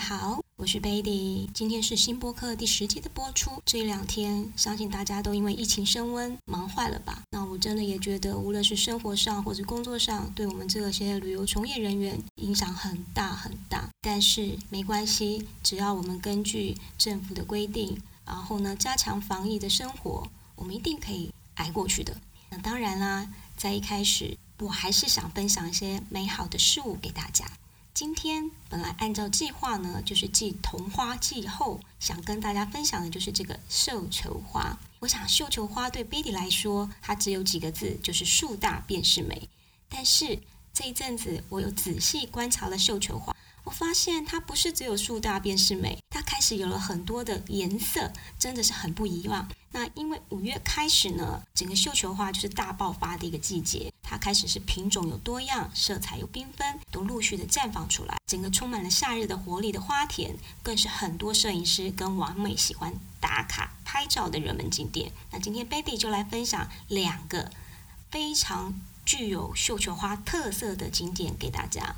大家好，我是 Baby。今天是新播客第十期的播出。這兩天，相信大家都因為疫情升溫忙壞了吧？那我真的也覺得，無論是生活上或者工作上，對我們這些旅遊從業人員影響很大很大。但是沒關係，只要我們根據政府的規定，然後呢加強防疫的生活，我們一定可以挨過去的。那當然啦，在一開始，我還是想分享一些美好的事物給大家。今天本來按照計劃呢，就是繼桐花季後，想跟大家分享的就是這個繡球花。我想繡球花對 Baby 來說，它只有幾個字，就是數大便是美。但是這一陣子我有仔細觀察了繡球花，我發現它不是只有數大便是美，它開始有了很多的顏色，真的是很不一樣。那因為五月開始呢，整個繡球花就是大爆發的一個季節。它開始是品種有多樣，色彩又繽紛，都陸續的綻放出來，整個充滿了夏日的活力的花田，更是很多攝影師跟網美喜歡打卡拍照的熱門景點。那今天 Baby 就來分享兩個非常具有繡球花特色的景點給大家。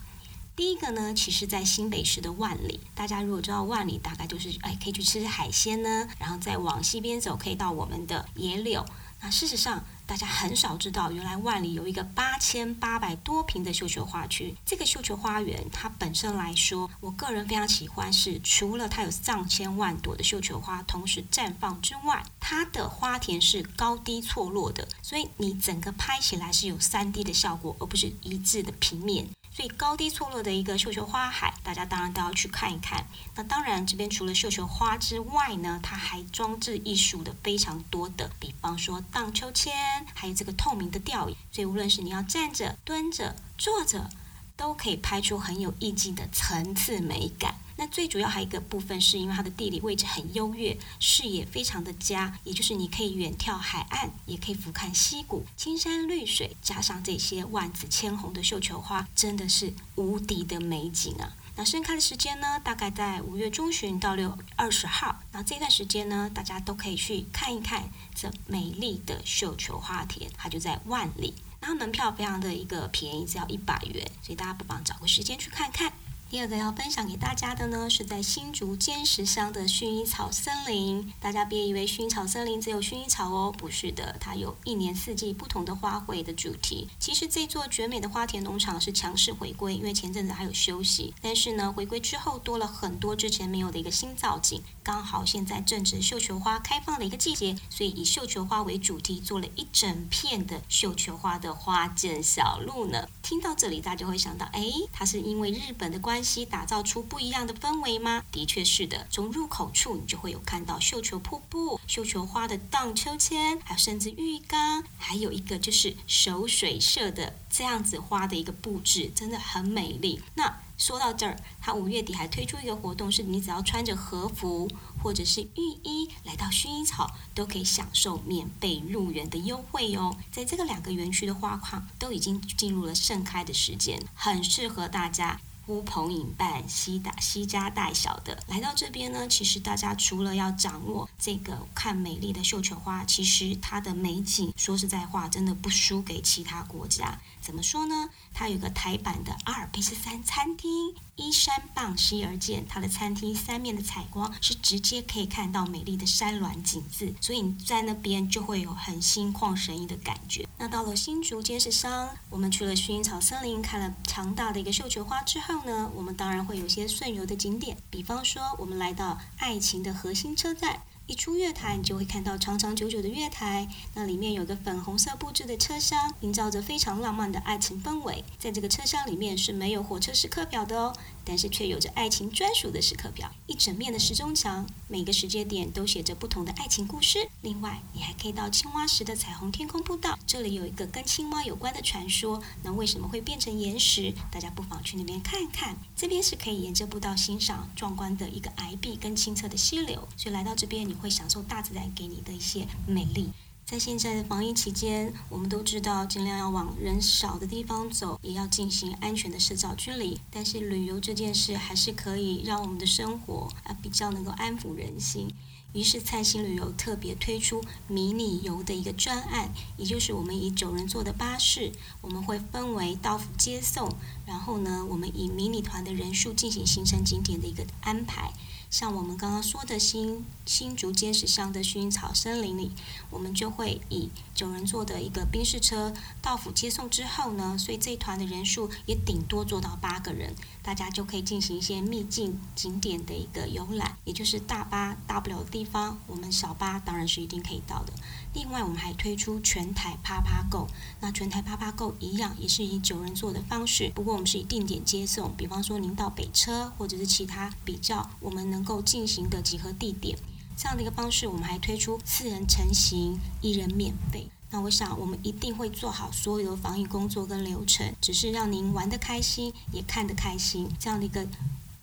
第一個呢，其實，在新北市的萬里，大家如果知道萬里，大概就是誒、哎、可以去吃吃海鮮呢，然後再往西邊走，可以到我們的野柳。那事實上，大家很少知道，原來萬里有一個八千八百多平的繡球花區。這個繡球花園，它本身來說，我個人非常喜歡，是除了它有上千萬朵的繡球花同時綻放之外，它的花田是高低錯落的，所以你整個拍起來是有 3D 的效果，而不是一致的平面。所以高低錯落的一個繡球花海，大家當然都要去看一看。那當然，這邊除了繡球花之外呢，它還裝置藝術的非常多的，比方說盪秋千，還有這個透明的吊椅。所以無論是你要站着、蹲着、坐着，都可以拍出很有意境的層次美感。那最主要還有一個部分，是因為它的地理位置很優越，視野非常的佳，也就是你可以遠眺海岸，也可以俯瞰溪谷，青山綠水加上這些萬紫千紅的繡球花，真的是無敵的美景啊！那盛開的時間呢，大概在五月中旬到六月二十號，那這段時間呢，大家都可以去看一看這美麗的繡球花田，它就在萬里，然後門票非常的一個便宜，只要一百元，所以大家不妨找個時間去看看。第二個要分享給大家的呢，是在新竹尖石鄉的薰衣草森林。大家別以為薰衣草森林只有薰衣草哦，不是的，它有一年四季不同的花卉的主題。其實這座絕美的花田農場是強勢回歸，因為前陣子還有休息。但是呢，回歸之後多了很多之前沒有的一個新造景。剛好現在正值繡球花開放的一個季節，所以以繡球花為主題做了一整片的繡球花的花間小路呢。聽到這裡，大家就會想到，哎，它是因為日本的關西打造出不一樣的氛圍嗎？的確是的，從入口處你就會有看到繡球瀑布、繡球花的盪秋千，還有甚至浴缸，還有一個就是手水舍的這樣子花的一個佈置，真的很美麗。那說到這兒，它五月底還推出一個活動，是你只要穿着和服或者是浴衣來到薰衣草，都可以享受免費入園的優惠喲、哦。在這個兩個園區的花況都已經進入了盛開的時間，很適合大家。呼朋引伴、攜大攜家帶小的來到這邊呢，其實大家除了要掌握。這個看美麗的繡球花，其實它的美景，說實在話，真的不輸給其他國家。怎麼說呢？它有個台版的阿爾卑斯山餐廳，依山傍溪而建，它的餐廳三面的採光是直接可以看到美麗的山巒景致，所以你在那邊就會有很心曠神怡的感覺。那到了新竹尖石山，我們去了薰衣草森林，看了強大的一個繡球花之後呢，我們當然會有些順遊的景點，比方說我們來到愛情的核心車站。一出月台，你就會看到長長久久的月台，那裡面有個粉紅色布置的車廂，營造着非常浪漫的愛情氛圍。在這個車廂裡面是沒有火車時刻表的哦。但是卻有着愛情專屬的時刻表，一整面的時鐘牆，每個時間點都寫着不同的愛情故事。另外，你還可以到青蛙石的彩虹天空步道，這裡有一個跟青蛙有關的傳說。那為什麼會變成岩石？大家不妨去那邊看看。這邊是可以沿着步道欣賞壯觀的一個崖壁跟清澈的溪流，所以來到這邊你會享受大自然給你的一些美麗。在現在的防疫期間，我們都知道盡量要往人少的地方走，也要進行安全的社交距離。但是旅遊這件事還是可以讓我們的生活啊比較能夠安撫人心。於是，燦星旅遊特別推出迷你遊的一個專案，也就是我們以九人座的巴士，我們會分為到府接送，然後呢，我們以迷你團的人數進行行程景點的一個安排。像我們剛剛說的新，新新竹尖石鄉的薰衣草森林裡，我們就會以九人座的一個賓士車到府接送之後呢，所以這一團的人數也頂多坐到八個人，大家就可以進行一些秘境景點的一個遊覽，也就是大巴到不了的地方，我們小巴當然是一定可以到的。另外，我們還推出全台趴趴購。那全台趴趴購一樣也是以九人座的方式，不過我們是以定點接送，比方說您到北車或者是其他比較我們能夠進行的集合地點，這樣的一個方式。我們還推出四人成行一人免費。那我想我們一定會做好所有的防疫工作跟流程，只是讓您玩得開心，也看得開心，這樣的一個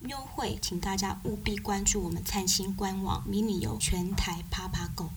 優惠，請大家務必關注我們燦星官網迷你遊全台趴趴購。